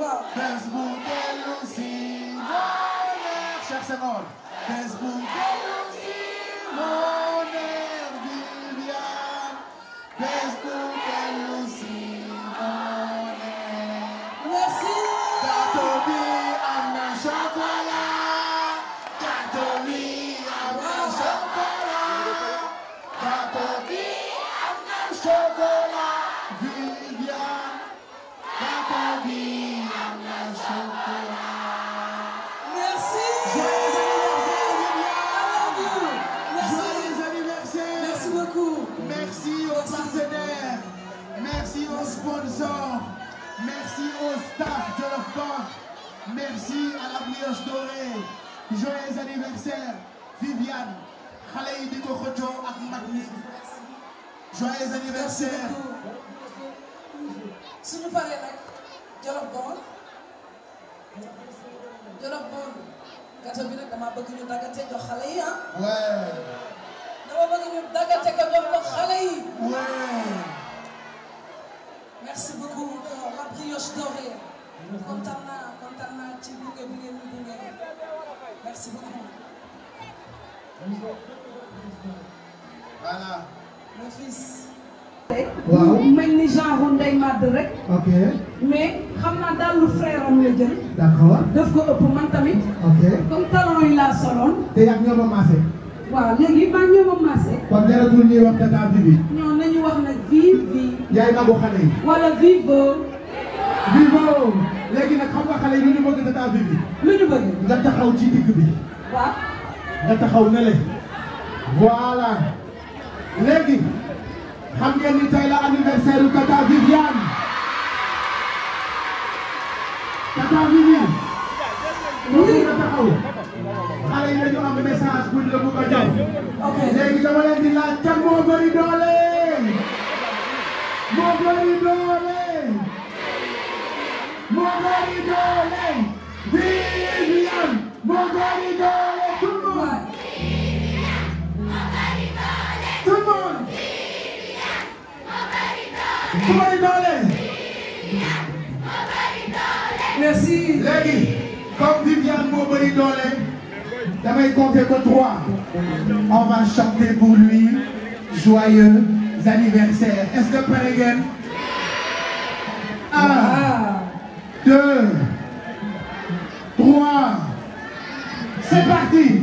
Bez budelu si, Cher Senghor. Bez budelu partenaires, merci aux sponsors, merci au staff de Jollof Bank, merci à la brioche dorée, joyeux anniversaire Viviane, xale yi di ko xëccoo ak mag ñi. joyeux anniversaire. suñu paree nag Jollof Bank Jollof Bank gâteau bi nag dama bëgg ñu daggante jox xale yi ah. dama bëgg ñu daggante ko jox ko xale yi. merci beaucoup la brioche dorée. kontaan naa kontaan naa ci gunge bi ngeen ñu gunge merci beaucoup. voilà. le fils. waaw mel ni genre ndey màdd rek. ok mais xam naa daal lu frère am la jël. d'accord daf ko ëpp man tamit. ok comme talon yi laa soloon. te ak ñoom a maase. waaw léegi maa ngi ñëw a marché. kon jaratul wax tata Vivi. ñoo nañu wax nag vive vive. yaay magu xale yi. wala vivo. vivo léegi nag xam nga xale yi lu ñu bëgg tata Vivi. lu ñu bëgg. nga taxaw ci digg bi. waaw. nga taxaw ne le. voilà. léegi. xam ngeen ni tey la anniversaire u tata Viviane. tata taxaw xale yi dañu am message buñ la bëgg a jox léegi dama leen di laaj moo bëri doole moo bëri doole moo bëri doole Viviane moo bëri doole tout le monde tout le monde moo bëri doole merci léegi comme Viviane moo bëri doole damay compter ba trois on va chanter joyeux anniversaire est-ce que deux trois c'est parti.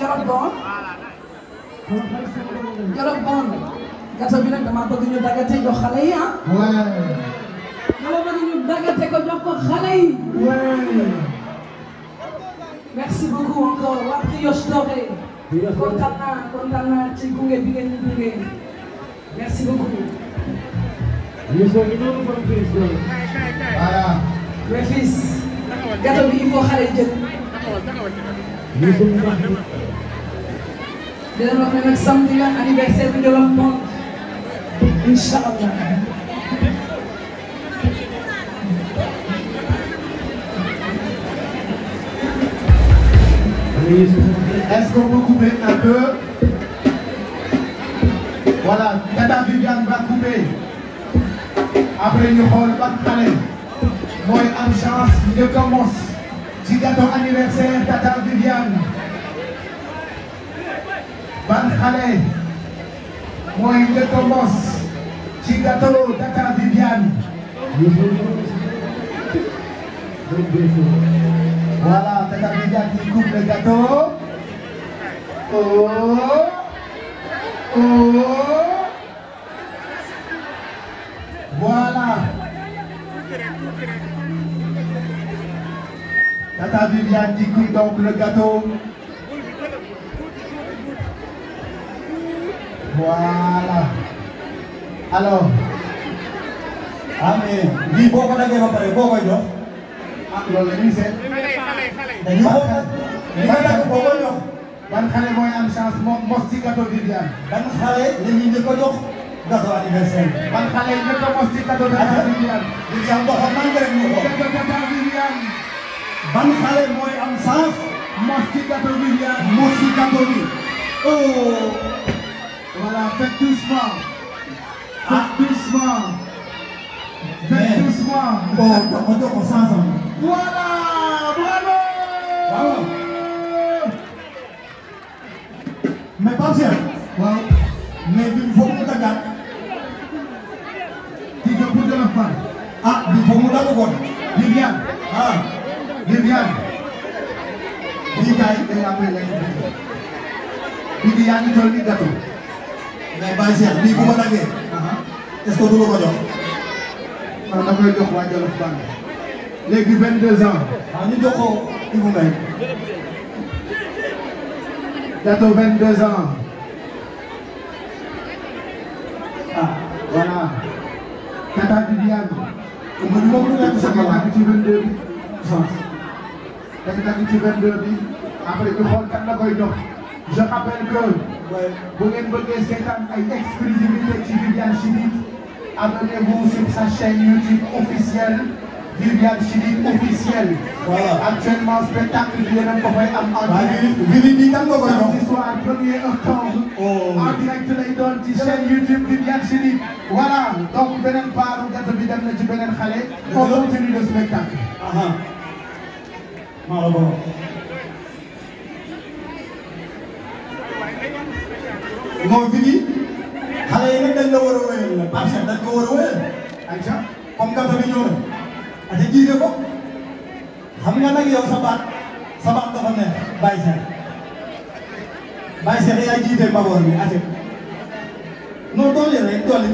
Jolof Bon. Jolof Bon. gâteau bi nag damaa bëgg ñu dagate jox xale yi ah. dama bëgg ñu dagate ko jox ko xale yi. merci beaucoup encore waxtu Yosh Touré. kontaan naa kontaan naa ci gunge bi ngeen ñu gunge. merci beaucoup. monsieur le président. voilà. mes fils. gâteau bi il faut xale jël. dina wax ne nag samedi la anniversaire bi Jolof moom incha allah. Est-ce qu'on peut couper un peu? Voilà, Tata Viviane va couper. Après ñu xool ban xale mooy am chance ñu commence. Ziguinchor anniversaire Tata Viviane ban xale mooy njëkk a mos Ziguinchor Tata Viviane. voilà Tata Viviane qui coupe le gâteau. oh oh. a vu bien qui cuit donc le gâteau. Voilà. Alors. ah ba pare boo koy jox. ah loolu la ñuy seet. ban xale mooy am chance moom mos ci gâteau Viviane. ban xale la ñuy njëkk a jox man ah. nga ban xale mooy am sens mos ci gâteau bi bien mos ci gâteau bi oh voilà faites doucement. ah faites doucement. faites doucement. bon on jox ko sens am. voilà bravo. waaw. mais Pape Cheikh. waaw mais bi bi foofu mu dagg bii gars yi day am lay bii di yaa ni gàttu mais Baye Cheikh bu ko daggee. Uh-huh, est-ce que du ma ko jox. man da koy jox waa Jolof Band. léegi vingt deux ans. waaw ah, ñu jox ko Ibou Mbaye. bientôt vingt deux ans. ah voilà. Tata Viviane. mën sa kawar ci vingt deux nekk nañu ci 22 bi après ñu xool kan la koy jox je rappelle que bu ngeen bëggee seetaan ay exclusivité ci Viviane Chidid abonnez-vous sur sa chaîne YouTube officielle Viviane Chidid officielle. voilà actuellement spectacle bi yéen a ko fay am. en direct Vivi bi kan nga koy jox samedi soir premier octobre. Oh. en direct lay doon ci chaîne YouTube Viviane Chidid. voilà donc beneen paaru gàtt bi dem na ci beneen xale. on continue le spectacle. maa la ko wax. moom Vicky xale yi nag dañ la war a wéyal la parce que dañ ko war a wéyal. ayca comme gàtt bi ñëw na. ate ah, jiite ko xam nga nag yow sa baat sa baat dafa neex bàyyi seex bàyyi seex yaa jiite mbaboor bi ate non dolli rek dolli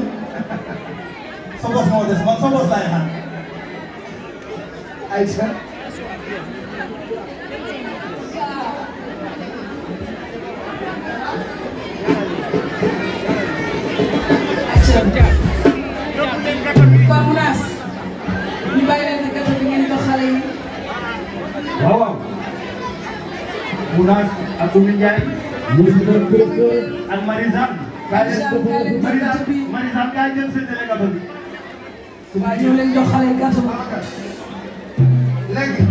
sa bos moo des sa bos laay xaar kon Mounass ñu bàyyi leen di gâteau bi ngeen jox xale yi. waaw waaw Mounass ak Oumy Ndiaye. ministre de ak Marisa. Marisa Marisa kaay jël seen télé gâteau bi. waaw ñoo leen jox xale yi gâteau bi. léegi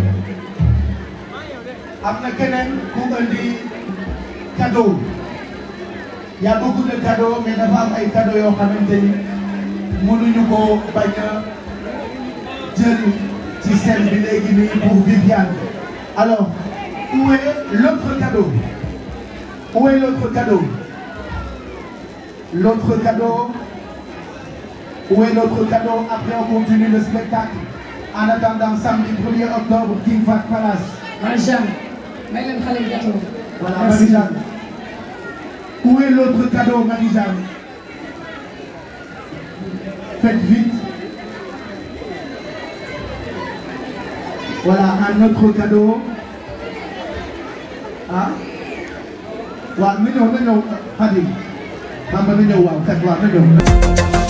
am na keneen ku indi cadeau. y a beaucoup de cadeaux mais dafa am ay cadeaux yoo xamante ni mënuñu ko bañ a jël ci Viviane alors où est l'autre cadeau où est l'autre cadeau l'autre cadeau où est l'autre cadeau après on continue le spectacle en attendant samedi King Fahd Palace. Marie-Jeanne may leen Où est l'autre cadeau marisable Faites vite. Voilà un autre cadeau. ah waaw na ñëw na ñëw Xadim xam nga na ñëw waaw kat waaw na ñëw